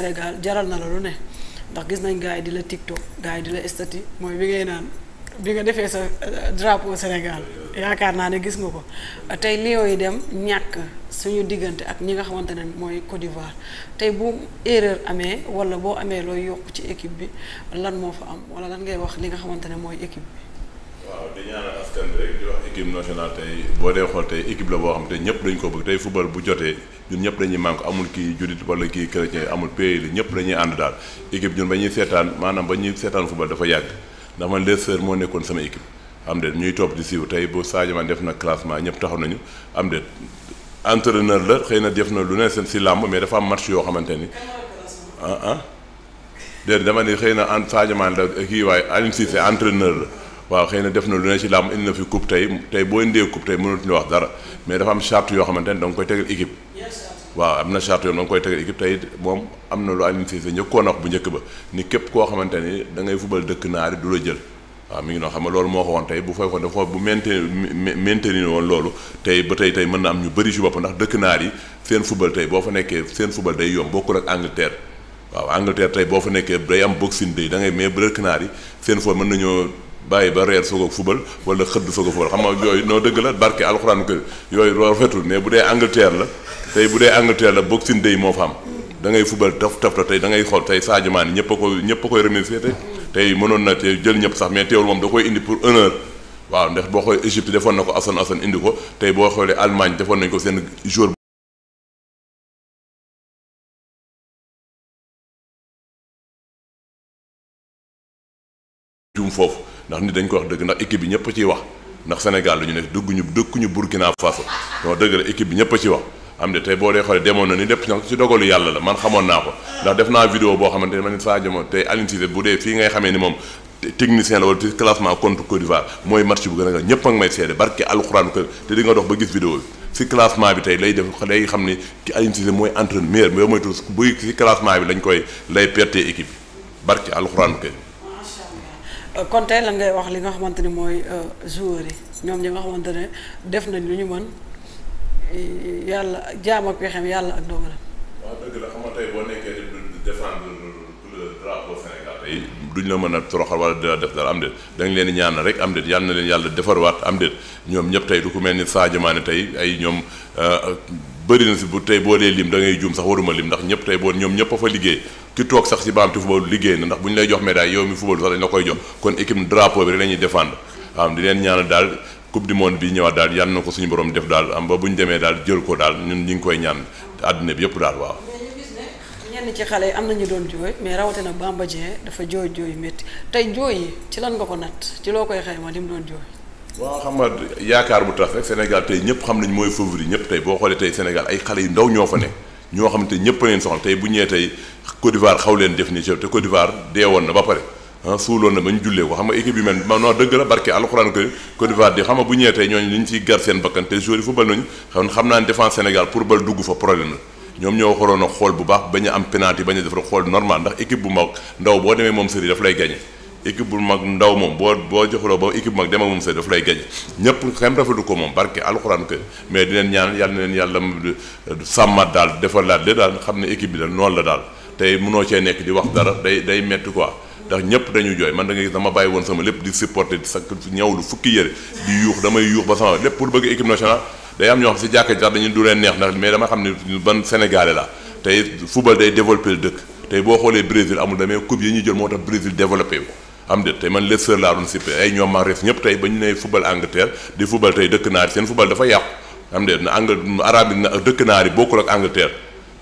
Sénégal jaral na la lu ne ndax gis nañ gars di la TikTok gars yi di la statut mooy bi ngay naan bi nga defee sa euh, drapeau Sénégal yaakaar naa ne gis nga ko tey Lions yi dem ñàkk suñu diggante ak ñi nga xamante ne mooy Côte d'Ivoire tey bu erreur amee wala boo amee looy yokk ci équipe bi lan moo fa am wala lan ngay wax li nga xamante ne mooy équipe waaw di ñaanal askan bi tey boo dee xool tey équipe la boo xam te ñëpp dañ ko bëgg tey football bu jotee ñun ñëpp lañuy manque amul kii judit wala kii chrétien amul pays li ñëpp dañuy ànd daal équipe ñun ba ñuy seetaan maanaam ba ñuy seetaan football dafa yàgg ndax man les sœurs moo nekkoon sama équipe am déet ñuy topp di siiw tey bu Sadio Mané def na classement ñëpp taxaw nañu am déet entraîneur la xëy na def na lu ne seen si làmb mais dafa am match yoo xamante ni ah ah dama ni xëy na en Sadio Mané kii waaye Aliou Cissé la waaw xëy na def na lu ne ci làmb indi na fi coupe tey tey boo indee coupe tey ñu wax dara mais dafa am charte yoo xamante ne da nga koy tegal équipe waaw am na charte yoo da koy tegal équipe tey moom am na lu Aliou Cissé njëkkoon wax bu njëkk ba ni képp koo xamante ni dangay ngay fubal dëkk naari du la jël waaw mi ngi noo xam ne loolu moo ko woon tey bu fekkoon dafa bu maintenir maintenir woon loolu tey ba tey tey mën na am ñu bëri ci bopp ndax dëkk naar yi seen fubal tey boo fa nekkee seen fubal day yomb bokkul ak Angleterre waaw tey boo fa nekkee day am boxing day da mais ba dëkk naar seen fubal mën nañoo bàyyi ba reer soog a fubal wala xëdd soog a fubal xam nga yooyu noo dëgg la barke alxuraan kër yooyu rafetul mais bu dee Angleterre la tey bu dee Angleterre la Boxing Day moo fa am da ngay fubal taf taf la tey da ngay xool tey Sadio Mané ñëpp a ko ñëpp a koy remercier tey tey mënoon na tey jël ñëpp sax mais teewul moom da koy indi pour honneur waaw ndax boo xoolee Égypte defoon na ko Assane Assane indi ko tey boo xoolee Allemagne defoon nañ ko seen jour. juum foofu. ndax nit dañ ko wax dëgg ndax équipe bi ñëpp ciy wax ndax Sénégal lu ñu ne dugguñu dëkkuñu Burkina Faso non dëgg la équipe bi ñëpp ci wax am de tey boo dee xoolee demoon na ni lépp nag ci dogalu yàlla la man xamoon naa ko ndax def naa vidéo boo xamante ne ma ne Sadio tey Aliou Cissé bu dee fii ngay xamee ni moom technicien la wala ci classement contre Côte d'Ivoire mooy match bu gën a nga ñëpp a ngi may seede barke alxuraan kër te di nga dox ba mooy entraîneur meilleur mooy tout buy ci classement bi lañ koy lay perte équipe bi barke alxuraan kër Euh, kon tey lan ngay wax li nga xamante ni mooy euh, joueurs yi ñoom ñi nga def nañ lu ñu mën yàlla jaam ak yàlla ak la xam nga tey a toroxal wala di dañ leen ñaan rek am déet yal na leen yàlla defarwaat am déet ñoom ñëpp tey du ku mel ni Sadio Mané tey ay ñoom. Euh, bëri na si bu tey boo dee lim da ngay juum sax waruma lim ndax ñëpp tey boo ñoom ñëpp a fa liggéey ci toog sax si baam ci football liggéey na ndax bu ñu lay jox daal yow mi football sax dañ la koy jox kon équipe drapeau bi rek la ñuy défendre di leen ñaanal daal coupe du monde bi ñëwaat daal yal na ko suñu borom def daal am ba bu ñu demee daal jël ko daal ñun ñu ngi koy ñaan àddina bi yëpp daal waaw. ñenn ci xale yi am nañu doon jooy mais rawatina Bamba Dieng dafa jooy jooy métti tey jooy yi ci lan nga ko natt ci loo koy xayma li mu doon jooy. waaw xam nga yaakaar bu tax rek Sénégal ñëpp xam nañ mooy favori ñëpp tey boo xoolee tey Sénégal ay xale yu ndaw ñoo fa nekk ñoo xam xamante ñëpp leen soxla tey bu ñëwee tey Côte d'Ivoire xaw leen def ni te Côte d'Ivoire deewoon na ba pare ah suuloon na ba ñu jullee ko xam nga équipe yi mel ma non dëgg la bu ñëwee tey ñooñu li ñu ciy gar seen bakkan te joueurs yi football nañu xam naa ne défense Sénégal pour bal dugg fa problème la ñoom ñoo xoroon a xool bu baax bañ a am penalty bañ ñu def rek xool normal ndax équipe bu mag ndaw boo demee moom sëri daf lay gagné équipe bu mag ndaw moom boo boo joxuloo ba équipe mag dema moom sa daf lay gañe ñëpp moom barke alxuraan ko mais di leen ñaan yàlla na leen yàlla euh, sàmmat daal defalaat de daal xam ne équipe bi daal noonu la daal tey mënoo cee nekk di wax dara day day metti quoi ndax ñëpp dañu jooy man da nga gis dama woon sama lépp di supporter di sakk ñawlu fukki yëre di yuux damay yuux ba sama lépp pour bëgg équipe nationale day am ñoo xam leen neex ndax mais dama xam ne ban sénégalais la tey football day développé dëkk tey boo xoolee Brésil amul damay coupe yi ñu jël moo tax Brésil développé ko am déet tey man Leicester laa doon sippe ay ñoom Mahrez ñëpp tey ba ñu nee football Angleterre di football tey dëkk naar seen football dafa yàqu am déet na angle arabe yi dëkk naar yi ak Angleterre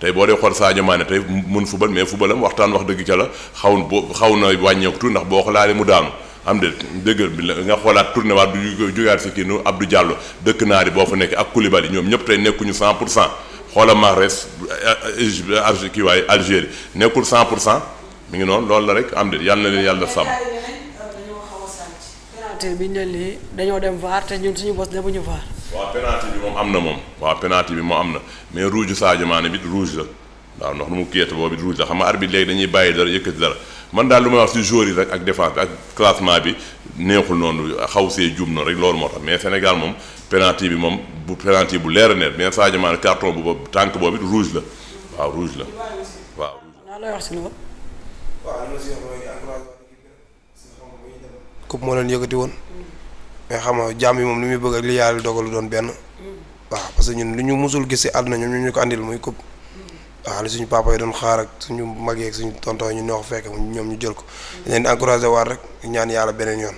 tey boo dee xool Sadio Mané tey mun football mais football am waxtaan wax dëgg ca la xaw boo xaw na wàññeeku tuuti boo xoolee mu daanu nga xoolaat tourné waat du jugaat si kii nu Abdou Diallo dëkk naar boo fa nekk ak Koulibaly ñoom ñëpp tey nekkuñu 100 pour cent xoola Mahrez kii waaye pour cent mi ngi noonu loolu la rek am déet yàlla na leen yàlla penalty bi ñu dañoo dem vaar te ñun suñu bos demuñu vaar. waaw penalty bi moom am na moom. waaw penalty bi moom am na mais rouge Sadio Mané bi rouge la waaw ndax nu mu kiyate boobu it rouge la xam nga arbitre léegi dañuy bàyyi dara yëkkati dara man daal lu may wax ci joueur yi rek ak défense bi ak classement bi neexul noonu xaw see jub na rek loolu moo tax mais Sénégal moom penalty bi moom bu penalty bu leer a neer mais Sadio Mané carton bu boobu tànk boobu it rouge la waaw rouge la waaw. naa lay wax ci loolu. coupe moo leen yëkkati woon mais xam nga jàmm yi moom li muy bëgg ak li yàlla dogalu doon benn waaw parce que ñun lu ñu mosul gis si àdduna ñoom ñu ñu ko àndil muy coupe waaw li suñu papa yi doon xaar ak suñu mag yeeg suñu tonton ñu neex fekk ñoom ñu jël ko leen di encouragé waat rek ñaan yàlla beneen yoon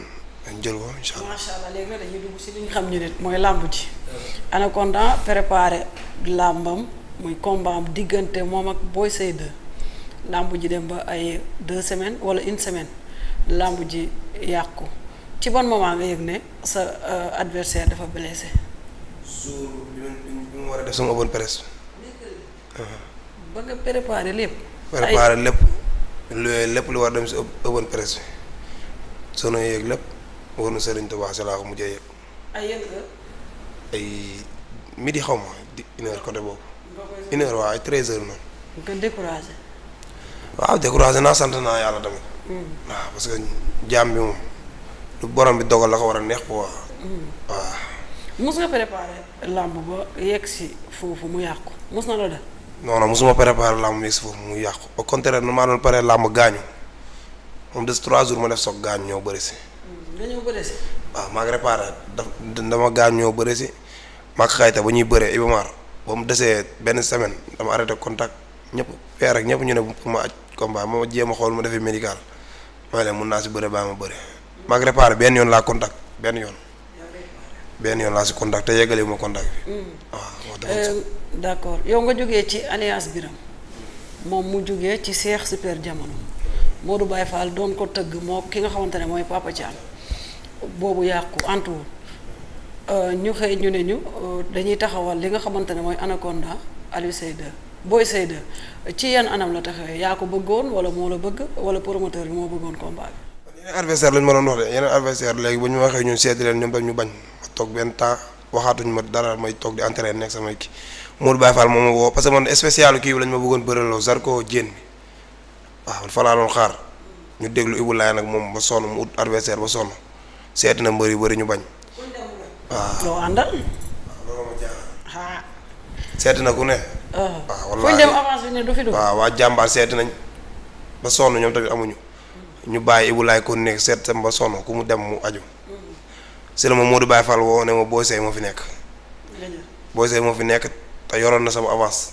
ñu jël ko incha allah. macha allah léegi nag si li xam ñu ne mooy làmb ji. Anaconda préparé làmbam muy combat am diggante moom ak booy Seye 2 làmb ji dem ba ay deux semaine wala une semaine. làmb ji yàqu ci bon moment nga yëg ne sa euh, adversaire dafa blessé. jour war a def sama open press. ba nga préparé lépp. ay préparé lépp lu lépp lu war dem si open press bi soo nooy yëg lépp war na Sëriñ xaw ma di une heure côté boobu. une waaw ay treize heures noonu. nga découragé. waaw découragé naa sant naa yàlla tamit. waaw parce que jaam bi moom lu borom bi dogal la ko war a neex quoi. Mm. waaw. mos nga préparer làmb ba yegg si foofu mu yàqu mos na la def. non mu yàqu au contraire nu gaañu moom des trois jours ma def soog gaañu ñoo bëri si. Mm, nga ñëw bëri si. waaw maa ngi réparé dama gaañu ñoo bëri si maa xayta ba ñuy bëree Ibamar ba mu desee benn semaine dama arrêté contact ñëpp weer ak ñëpp ñu ne pour ma aj combat ma jéem xool ma defee médical. ma leen mun naa si bëre baa ma bëre maag réparé benn yoon laa contact benn yoon benn yoon laa si contact te yeggale ma contact bi mm. waaw euh, accord yow nga jógee ci alliance biram moom mu jógee ci Cheikh Super Jamono du Baye Fall doon ko tëgg moo ki nga xamante ne mooy Papa Thiam boobu yàqu antuwul euh, ñu xëy ñu ne ñu euh, dañuy taxawal li nga xamante ne mooy Anaconda Aliou Seyde booy Seye 2 ci yan anam la taxawee yaa ko bëggoon wala moo la bëgg wala promoteur bi moo bëggoon combat bi. yeneen adversaire lañ ma doon wax de yeneen adversaire léegi bu ñu waxee ñun seeti leen ñoom tam ñu bañ ma toog benn temps waxaatuñ ma dara may toog di entraîné nekk sama kii Modou Baye Fall moom ma woo parce que man spécial kii bi lañ ma bëggoon bëreloo Zarko Dieng bi waaw man fa laa xaar ñu déglu Ibou Laye nag moom ma sonn mu ut adversaire ba sonn seeti na mbër yu bëri ñu bañ. Ah. na ku ne. Ah, waaw waa jàmbaar seeti nañ ba sonn ñoom tamit amuñu. ñu bàyyi Ibulaay ko nekk seet tam ba sonn ku mu dem mu aju. Mm-hmm. si la ma Modou Baye Fall woo ne ma Boy Seye moo fi nekk. Boy Seye moo fi nekk te yoroon na sama avance.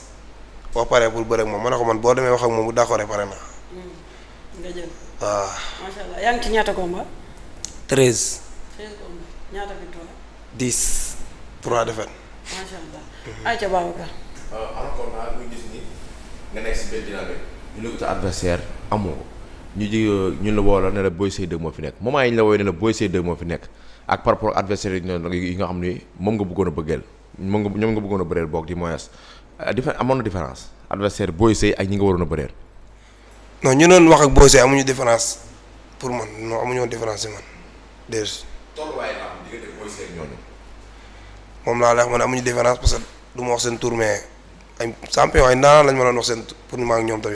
boo paree pour bëre ak moom ma ne ko man boo demee wax ak moom bu d'accord pare naa. nga mm-hmm. ah. yaa ngi ci ñaata combat. treize. treize combat dix. trois défaites. alors euh, que naa muy gis ñu adversaire amoo ñu ji euh, ñu la woo la ne la Boy moo fi nekk moment yi ñu la wooyee ne la Boy Seye moo fi nekk ak par rapport adversaire yi yi nga xam ni moom nga bëggoon bëggeel moom nga ñoom nga bëggoon a bëreel boog di moyes euh, diff amoon différence adversaire Boy Seye ak ñi nga waroon a bëreel. non ñu doon wax ak Boy Seye amuñu différence pour man non amuñoo différence si man déedéet. tolluwaay la am diggante Boy Seye ñooñu. moom laa lay wax man amuñu différence du ma wax seen tour ay champion ay ndaanaan lañ ma doon wax seen pour maa ñoom tamit.